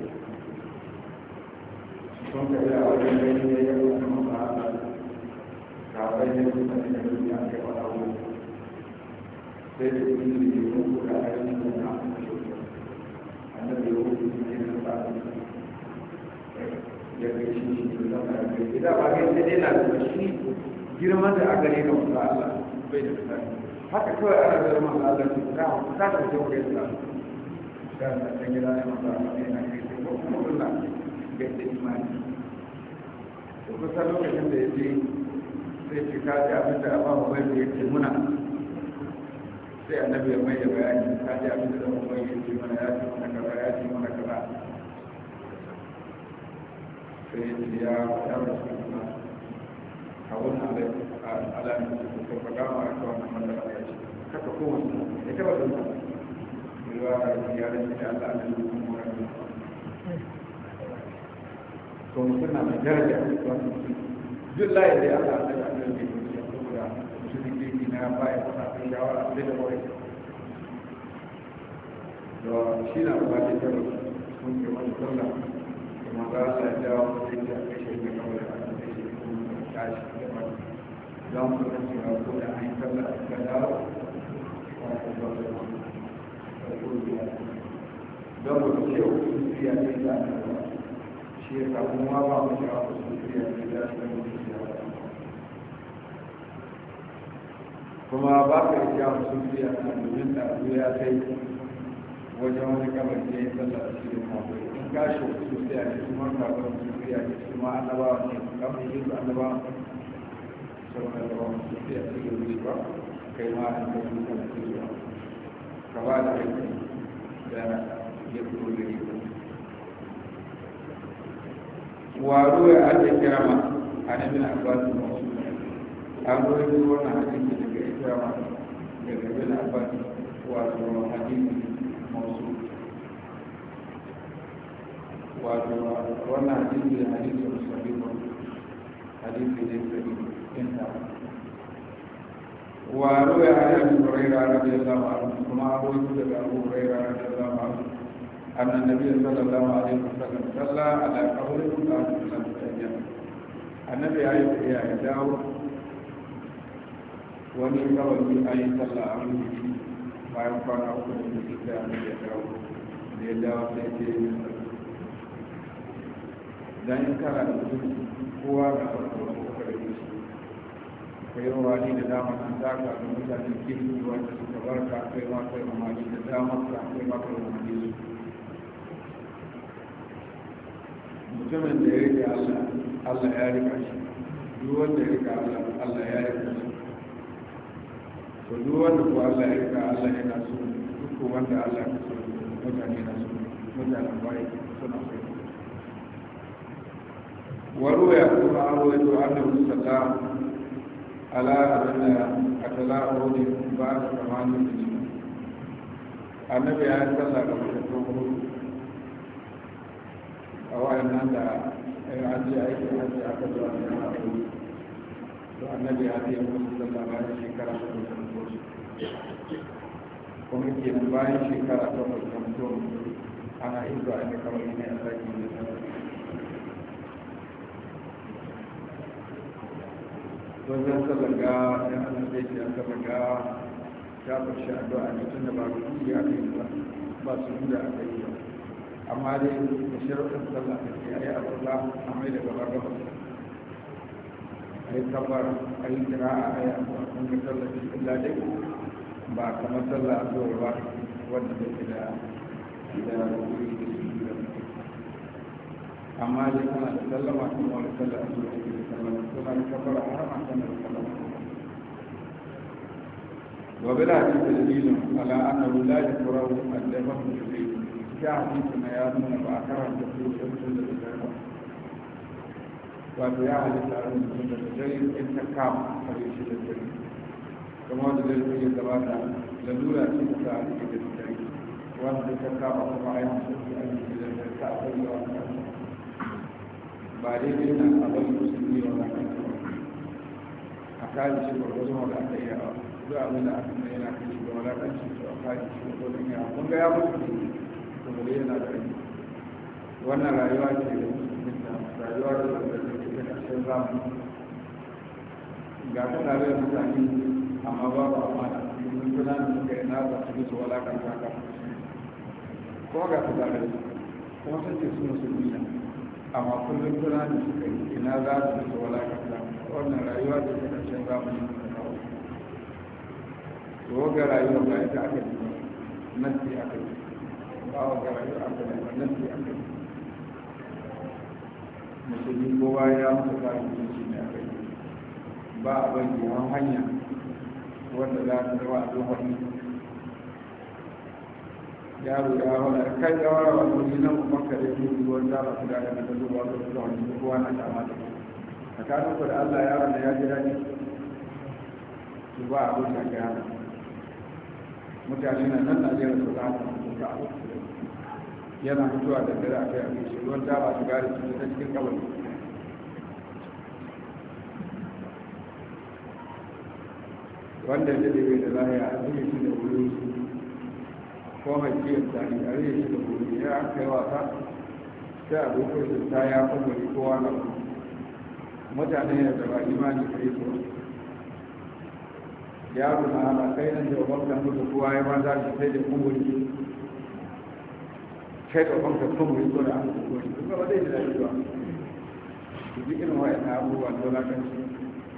sun ka ya yi da kai da ke a yi da ne zama ba na shi a ka musa Allah bai da fitari haka kawai ana da zama na zan tuka ku ta ta gida ne ma ba ne na kai ko kuma Allah ga da imani to ko sai lokacin da yake sai ki ka ji abin da ba mu bai yake muna sai annabi ya mai da bayani ka ji abin da mu bai yake mana ya ce mana kaza ya ce mana kaza sai ya ya kuma a wannan alamin da suka faɗa ma a kawai na mallaka kaka koma da ta wata ba ruwa ya da shi da Allah da nufin mura to mutum na mai daraja a wani mutum duk layin da ya Allah da ya da ya kusa saboda mutum da ke na baya kusa da shawara da da kawai da shi na ba da ta rufe ke wani sallah kuma za a sa dawo mutum da kashe da kawai a kan kashe kuma tashi da wani za mu kasance a kowane an yi sallah da don ku ce wa sufiya ne a ba kuma ba ka yi domin da abu ya kai wajen wani kamar ya yi sallah a cikin mafi in ne su ma ka zama sufiya ne su ma annabawa ne kamar yi su annabawa sauran annabawa ba kai ma an ka yi kan kusurwa ka ba da kai da ya fito da ita waro ya ake kira ma a nan bin abbasin an zo yi wannan hadisi daga ita ma daga bin abbasin wato hadisi masu wato wannan hadisi da hadisi wasu hadisi ne sahihi inda waro ya ala ni ko reba ala de la ma ko ma da ni de ka ko reba ala de la ma an na nabi sallallahu alaihi wasallam salla ala qawli ku ta sallam tanya an nabi ayu ya ya dawo wa ni ka wa ni ayu salla alaihi ba ya ko na ko ni ki ta ni ya dawo de dawo te ti dan ka ra ni ko wa ka ko ka yi wani da dama ka taka da mutanen kirki wanda suka barka kai ma kai umarni da dama ka kai ma kai umarni su mutumin da ya rike Allah Allah ya rika shi duk wanda ya rika Allah Allah ya rika shi to duk wanda ko Allah ya rika Allah yana so duk wanda Allah ya so mutane na so mutanen bai suna so وروي أبو عروة أنه صلى ala abin da a tala'urin ba da kamanin da shi annabi ya yi sallah ga matattun hudu a wa'annan da ya aji aiki aji aka zuwa da yana hudu to annabi ya yi musu sallah bayan shekara ta mutum kuma kenan bayan shekara ta mutum ana izuwa ne kawai ne a zaki da sallah wajen salaga ya ana zai ya an salaga ta fashe addu'a ne tun da ba su yi a kai ba ba su yi da aka yi ba amma dai da sharuɗin sallah da ke ayi abuwa a mai da gaba gaba a yi kabar a yi kira a ayi a kun ga sallah da illa dai ba kamar sallah a zuwa ba wanda ke da da wuri amma dai kana da sallama kan wani sallar a zuwa da sallama suna da kafara harama kan da sallama وبلا تدليل على انه لا يقرا الدمه في البيت جاء حديثنا يا ابن باكر تقول يقتل الدمه wato ya halitta a rubutun da dare in ta kama kare shi da dare kamar da dare ya gabata lalura ce ta sa a cikin da dare wanda ta kama kuma a yi hankali a cikin da dare ta a kai yawan kasa ba daidai na abin musulmi wa na a kaji shi ba wajen wanda yi yawa duk abin da aka mai yana kan shi ba wadatanci to a kaji shi ba wajen yawa kun ga ya mutu ne to ba dai yana da wannan rayuwa ce da musulmin da rayuwa ce da da ke ta ƙarshen zamani ga ta tare mutane amma ba ba amana domin suna da suka yi na ba su su walakanta ka Ko ga su tare da kuma sun ce su musulmi na amma kullum suna da suka yi ina za su su walakanta wannan rayuwa da ta ƙarshen zamani da kawo to ga rayuwa ba ita aka yi nasi aka yi ba ga rayuwa aka yi ba nasi aka yi musulmi kowa ya mutu ba mutunci ne aka yi ba a yi yawan hanya wanda za su zama a tsohon yaro ya wala kai ya wala wani ne nan kuma ka da yi ruwan da ba su da da zuwa da zuwa da kowa na dama da ka kano ku da Allah yaron da ya ji daɗi su ba a rusa ga yaro mutane na nan Najeriya su za su ka yana fitowa da dare a kai a kai ruwan da ba su gari su ta cikin kawai wanda ya daɗe bai da lahiya a cikin shi da wurin su ko mai ciyon a rage shi da gobe ya an kai wasa sai a lokacin ta ya kwamfani kowa na mutane ya zaba imani ka yi tsoro yaro na ala kai nan da wabakta mutu kowa ya maza shi sai da kumburi kai da wabakta kumburi ko da an kumburi kuma ba zai ji daɗi ba duk irin wa'in abubuwa da wulakanci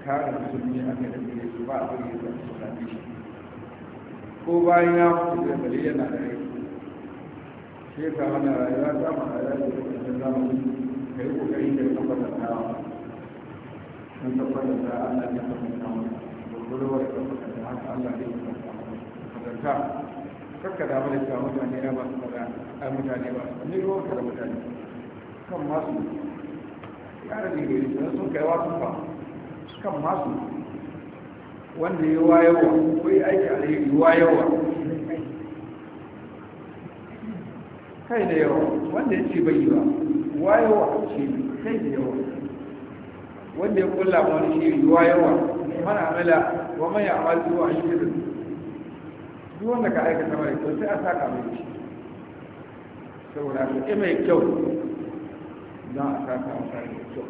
kare musulmi aka da su ba a burge su su sami shi ko bayan ya mutu da kare yana da rai shi ka hana rayuwa ta mu a yaki da kusurin zamani ka yi kokari da tabbatar da don tabbatar da allah ya da mu gurgurwar tabbatar da haka allah ya tabbatar mu ta, kakka da mu da cewa mutane ya ba su a ai mutane ba su ne ruwan da mutane kan masu ya rage gari sun kai wasu fa kan masu wanda ya wayewa ko ya aiki a yi wayewa kai da yawa wanda ya ce bai yi ba wayewa ce kai da yawa wanda ya kulla wani shiri wayewa mana amila wa mai amal zuwa shi da duk wanda ka aikata mai kyau sai a sa mai shi saboda ka mai kyau za a saka mai kyau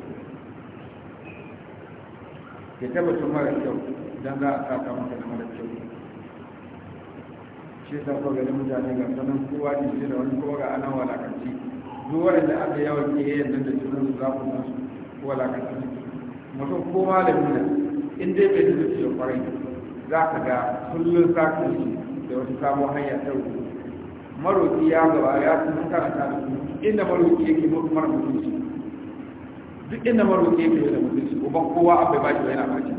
Ke tabbatar mara kyau idan za a kata maka da mara kyau shi ta ko ganin mutane ga sanan kowa ne shi da wani kowa ga ana walakanci duk da aka yawa ke yayin da shi su za ku nan su walakanci mutum kowa da nuna in dai bai duka ciwo kwarai za ka ga kullum za ka yi da wani samu hanya ta rubutu maroki ya gaba ya kuma karanta da su inda maroki yake mara mutunci duk inda maroki yake da mutunci uban kowa abai ba shi yana ba shi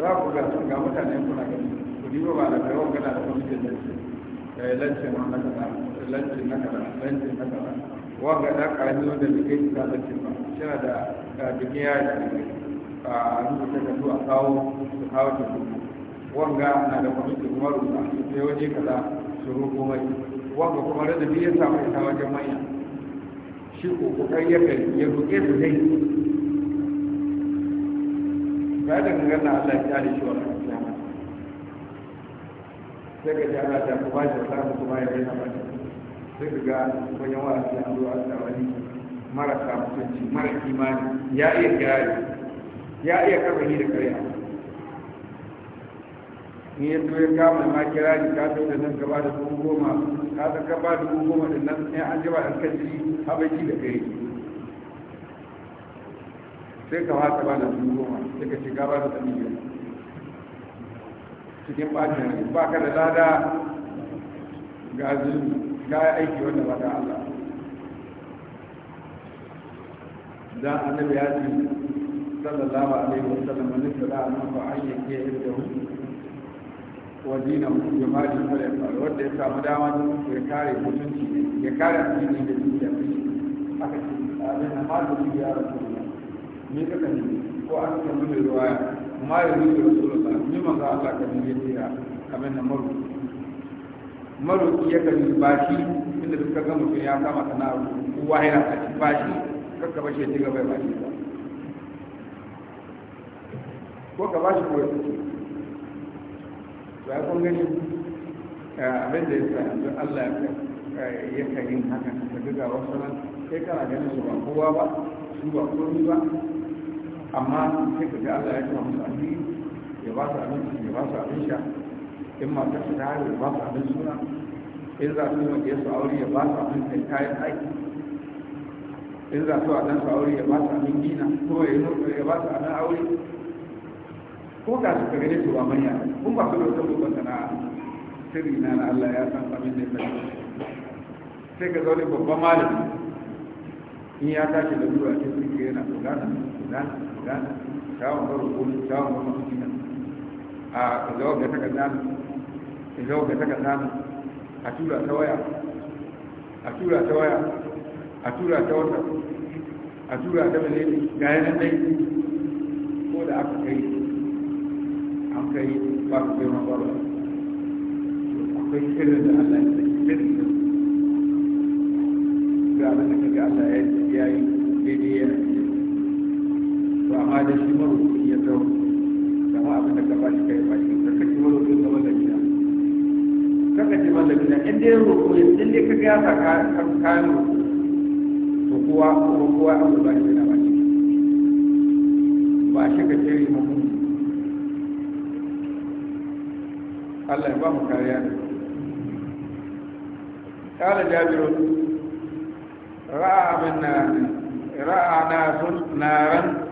za ku ga sun ga mutane kuna gani ku diba ba da kaiwa gana da kwamitin eh, lantin lantin na kaza lantin na kaza lantin na kaza wanga da ƙarfi wanda da kai ta lantin ba yana da jikin ya da a rubuta da zuwa kawo su kawo ta rubu wanga na da kwamitin kuma rubuta sai waje kaza su rubu mai wanga kuma rada biyu ya samu ita wajen manya shi ko kokari ya kai ya buƙe su dai ya dangana Allah ya kyale shi wannan kiyama sai ka ji ana ta kuma shi kuma ya ba sai ka ga wajen an zo an wani marasa mutunci mara ya iya ya iya ni da karya ni ya zo ya kama ma kira ni ka da nan gaba ka ba dubu goma da nan an jaba an a habaiki da kai sai ka wata ba da dubu goma sai ka shiga ba da dubu biyar cikin ɓacin ba ka da lada ga azumi ga aiki wanda ba ta Allah dan annabi ya ce sallallahu alaihi wa sallam man sada an ba an yake da hu wa dinahu bi da din wanda ya samu dama ya kare mutunci ya kare addini da dukiya aka ce a da na da ya rasu ni ka kan ko an ka mun ruwa ma ya ni rasulullah ni manzo Allah ka ni ya kamar na maru maru ya kan bashi inda duk ga mutum ya kama kana wahira a cikin bashi kakka bashi ya ci gaba ya bashi ko ka bashi ko ya ci to ya kun gani eh, abin da ya sa yanzu Allah ya kan eh, yin haka daga wasu nan kai kana ganin su ba kowa ba su ba komi ba amma sai ka ga Allah ya kuma musu alheri ya ba su abinci ya ba su abin sha in matar su ta ya ba su abin suna in za su yi su aure ya ba su abin kai kayan aiki in za su a su aure ya ba su abin gina ko ya yi ya ba su abin aure ko ka su kare gane su ba manya kun ba su da wata babban sana'a sirri na na Allah ya san abin da ya sani sai ka zaune babban malami in ya tashi da zuwa cikin yana tsogana gana gana shawon baro koli shawon baro kucina a zawo ga takarda mu zawo ga takarda mu a tura ta waya a tura ta waya a tura ta wata a tura ta ga yanar dai ko da aka kai an kai ba su kai mabarwa akwai sirrin da allah ya sirrin ga abin da kaga allah ya yi daidai to amma da shi marubuci ya zau kama abin da ba shi kai ba shi marubuci ka mallaki na kaka mallaki na in dai roƙo in dai ka ga ka to an ba shi na ba shi ka cire mutum Allah ya ba mu kariya da قال جابر رأى من رأى ناس نارا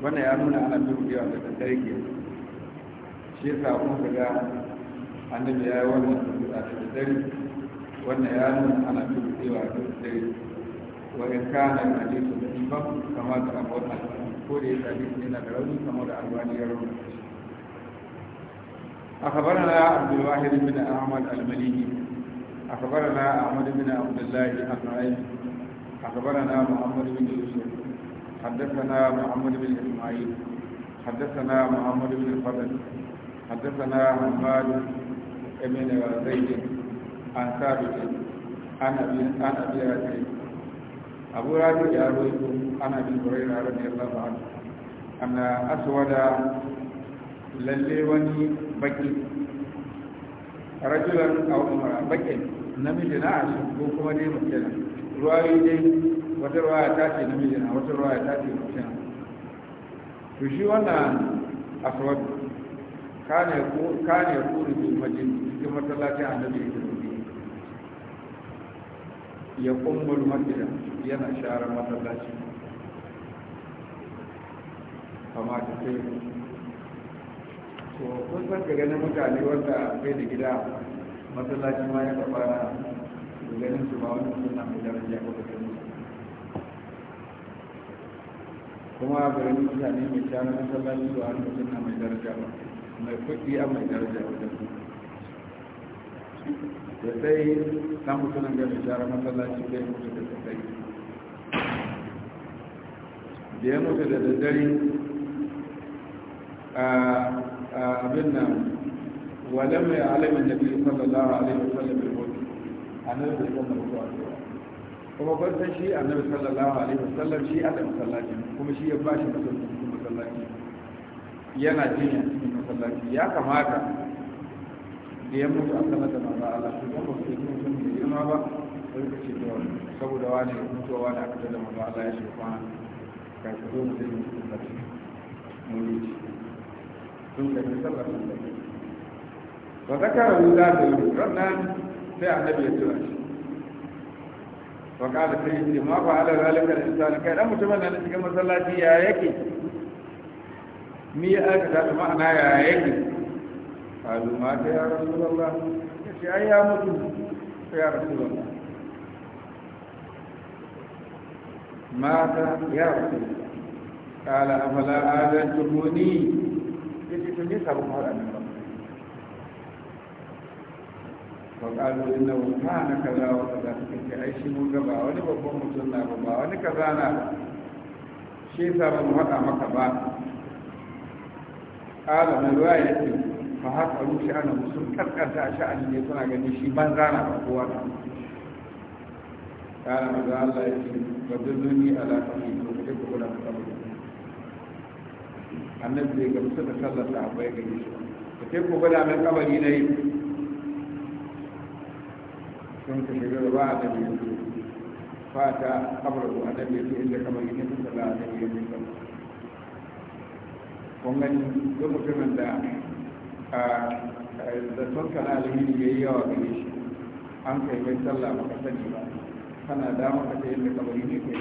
wannan ya nuna ana biyu biyan da ta tarihi shi ya yasa kuma daga. Hannun da ya yi wannan rubuta da ta tarihi wannan ya nuna ana biyu biyan da ta tarihi wani kana na ji su zai ba kama da abuwa na tarihi ko da ya sabi su da rauni kama da alwani ya rauni a kabarar na abubuwahiri bin ahmad almalihi a kabarar na ahmad bin abdullahi akwai a kabarar na muhammadu bin yusuf حدثنا محمد بن إسماعيل حدثنا محمد بن الفضل حدثنا محمد بن زيد عن ثابت عن أبي عن أبي رافع أبو رافع يروي عن أبي هريرة رضي الله عنه أن أسود لليوني بكي رجلا أو امرأة بكي namiji na ashe ko kuma dai mace ruwayoyi dai wata ruwa ta ce namiji na wata ruwa ta ce mace to shi wannan aswad kane ko kane ko ko majin cikin masallacin annabi da ya kumbul masjida yana share masallaci kama ta ce to kun san ga ganin mutane wanda bai da gida masallaci ma ya gabana da ganin su ba wani suna mai daraja ko da kuma garin mutane mai shanu masallaci to an mutum na mai daraja ba mai kuɗi a mai daraja ba da sai san mutumin da mai shanu masallaci zai mutu da sai da ya mutu da daddare a abin nan walamai alamin da biyu sallallahu alaihi wasallam bai mutu a nan da ya mutu a kuma kun san shi nabi sallallahu alaihi wasallam shi a da masallaci kuma shi ya ba shi masallaci yana jinya cikin masallaci ya kamata da ya mutu a sanar da manzo Allah su kuma su yi mutum da girma ba sai ka ce to saboda wani mutuwa wani aka da manzo Allah ya shiga ka ka su zo mutum da masallaci mun yi sun ka yi sallar masallaci wa zakara wuda da rannan sai annabi ya tura shi wa kada sai yace ma fa ala zalika al-insan kai dan mutumin nan cikin masallaci ya yake ni ya aka ta da ma'ana ya yake qalu ma ta ya rasulullah yace ai ya mutu ya rasulullah mata ya rasulullah qala afala adantumuni faƙalo inna wuta na kaza wa kaza suka ce ai shi mun ga ba wani babban mutum na ba ba wani kaza na shi yasa ba mu haɗa maka ba Ƙara mai ruwa ya ce ba haka rushe ana musu ƙarƙarta a sha'ani ne suna gani shi banza na ba kowa na ƙala maza Allah ya ce ba dulluni ala kafin ko kaje ko da ba. annabi zai gamsu da sallar sahabbai gani shi ba ko gwada mai kabari na yi sun ka shiga ba a dabi yanzu fata kabarku a dabi yanzu inda kamar yi nufin sala a dabi yanzu kan kun gani duk mutumin da da sun kana alhiri ya yi yawa gare shi an kai mai sallah ka sani ba kana da maka ta yadda kamar yi ne kai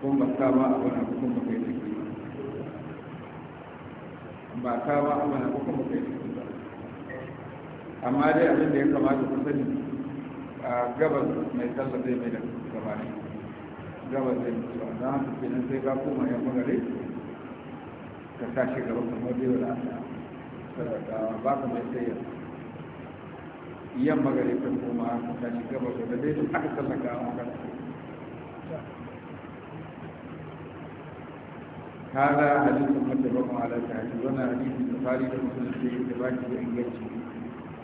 kun ba ta ba abu na kuma kai ciki ba ta ba abu na kuma kai ciki amma dai abin da ya kamata ku sani a gabas mai sallah zai mai da gaba ne gabas zai mutu a don haka nan sai ka koma ya magare ka tashi gaba kuma zai wa la'asa sadaka ba ka mai sayar yan gare ka koma ka tashi shi gaba da dai duk aka sallaka a magana هذا حديث متفق على التحديث وانا حديث البخاري ومسلم في اتفاق بانجازه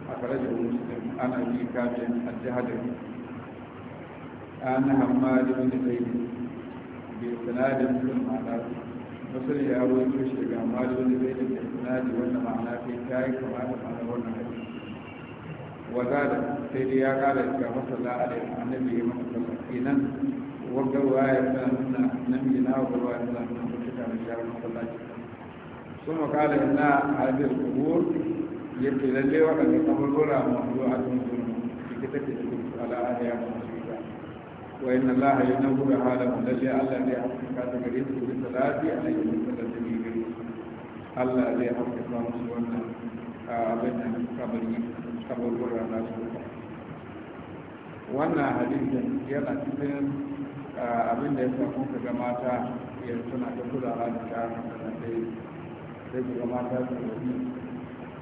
a farajar musulmi ana yi kafin ajihadar an hamma da wani zai bai sanadin sun ma'ana masar ya wani toshe ga amma da wani zai da sanadin ma'ana kai ta yi kama da ma'ana wannan hari wata da sai dai ya kada ga masala a da yana nan bai masa kama kenan wanda ruwa ya sa nuna nan bai na wata ruwa ya sa nuna wata kama shi a masala ce sun makala yana harbin kubur yake lalle waɗanda kaburbura masu a tun suna ciki take cikin al'ada ya masu ita wa inna allaha ya nan gudu halamu lalle allah zai haskaka ta gare su bisa salati a nan yin salati ne gare su allah zai haskaka musu wannan abin da kabari kaburbura na su wannan hadisin yana cikin abin da ya samu ga mata yanzu na ta kula da ta da ta yi da ga mata su da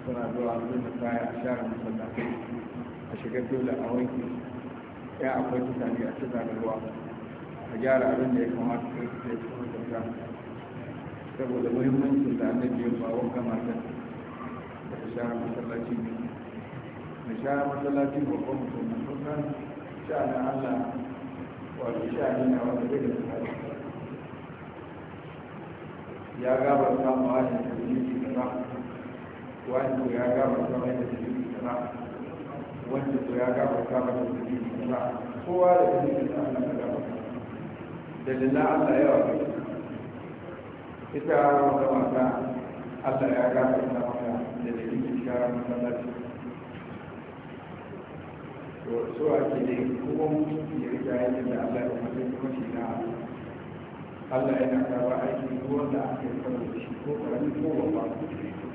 suna zuwa su da kaya a share masallatai a shiga dole a wanki ya akwai tutane a cika da ruwa a gyara abin da ya kamata ka yi cikin ta saboda muhimmancin da annabi ya ba wanka matan da ta share masallaci ne da share masallaci babban mutum na kusan sha'anin allah wato ne na wanda bai da tsari ya gabar samuwa da ta yi da ba wani ko ya gama ta mai da dalili kaza wanda ko ya gama ta mai da dalili kaza kowa da dalilin da Allah ya gama dalilan Allah yawa ne ita ta Allah ya gama ta mata da dalilin shara masallaci to so ake ne kuma mutum ya riga yake da Allah ya mutum kuma shi na Allah yana karɓar aiki wanda aka yi karo shi ko ƙaramin ko babba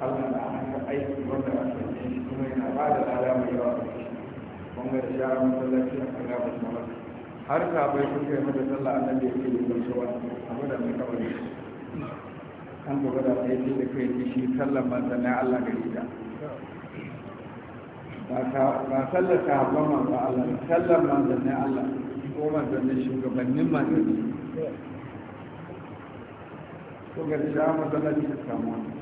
Allah na haka aiki wanda a sanye shi kuma yana ba da lada mai yawa a shi wanda da shara masallaci a kan gaba su mara har ka bai kuka yi mata sallah a nan da yake yi gamsuwa a gwada mai kamar shi an ku gwada sai ce da kai ki shi sallan mansa na Allah gari ta ba sallar ka haɓar ba, Allah sallan mansa na Allah ko mansa na shugabannin ma. mansa ko ga shara a masallaci ta samu wani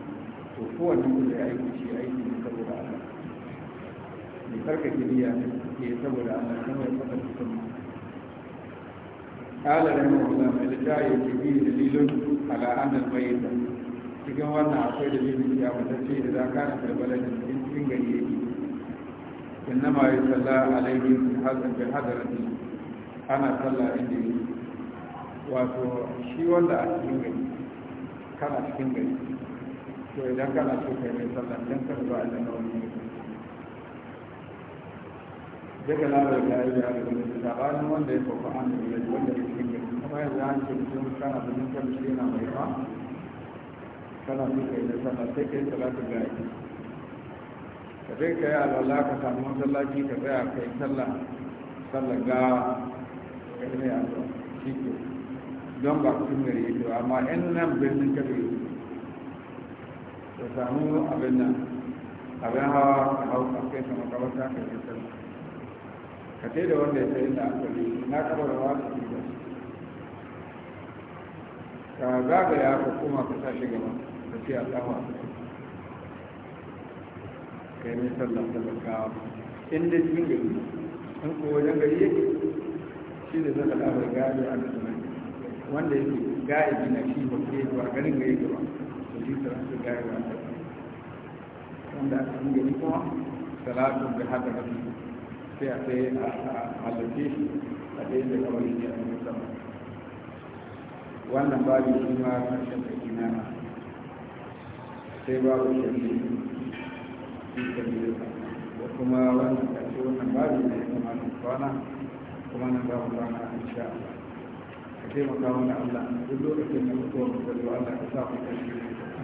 to kowanne ku ya aiki shi aiki ne saboda Allah ne tsarkake niyya ne saboda Allah kuma ya saka su kuma ala da mu da mai da ya ce bi dalilun ala annal mayyit cikin wannan akwai dalilin ya mata ce da za ka da baladin cikin gari ya yake innama yusalla alaihi hasan bi hadrati ana sallah inda yake wato shi wanda a cikin gari kana cikin gari to idan kana so kai mai sallah idan ka zuwa idan na wani daga labar da ya yi da wani sabanin wanda ya fafa an da ya wanda ya cikin gari kuma yanzu an ce mutum kana da mutum shi yana mai ba kana so kai mai sallah sai kai salatu ga yi ka zai kai alwala ka samu masallaci ka tsaya kai sallah sallah ga kai mai alwala shi ke don ba cikin gari ya amma in nan birnin kabiru ta samu abin nan abin hawa a hau a kai sama kawar ta kai kasar ka ce da wanda ya sai na asali na kaba da da ke da ka zagaya ka kuma ka sa shi gaba ka ce a tsawa kai ne sallar da bakawa in da cikin gari in ko wajen gari yake shi da zaka da bai gado a da wanda yake ga'ibi na shi ba ke zuwa ganin gari gaba bisa su gari wanda wanda aka sun kuma salatun da haka mafi sai a sai a halarce shi a ɗaya da kawai a musamman shi wannan karshe wannan ne kuma nan kwana kuma nan babu kwana insha Allah ka taimaka mana Allah duk lokacin da mutuwa mutuwa Allah ka sa mu kashi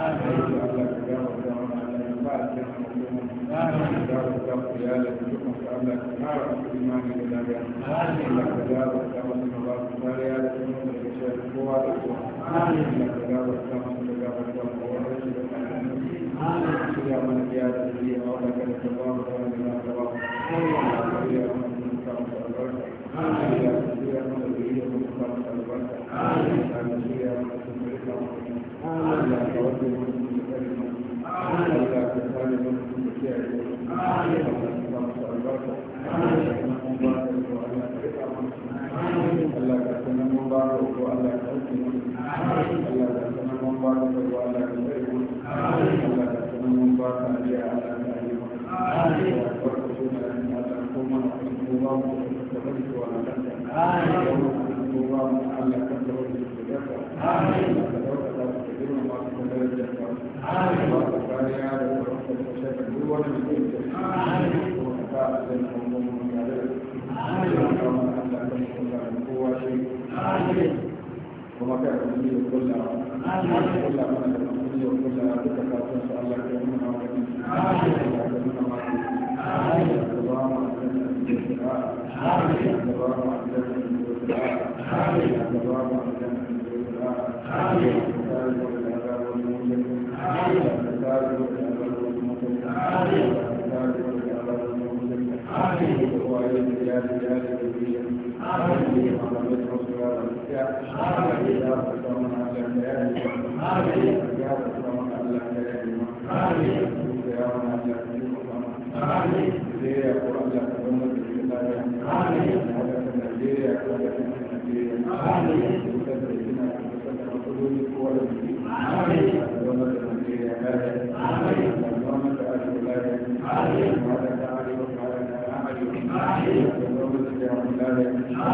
Allah ka gama da wani Allah ya a da ka gama da yalar kowa da kowa Allah ka gama da albarka Allah ya Amin. Amen. Amin.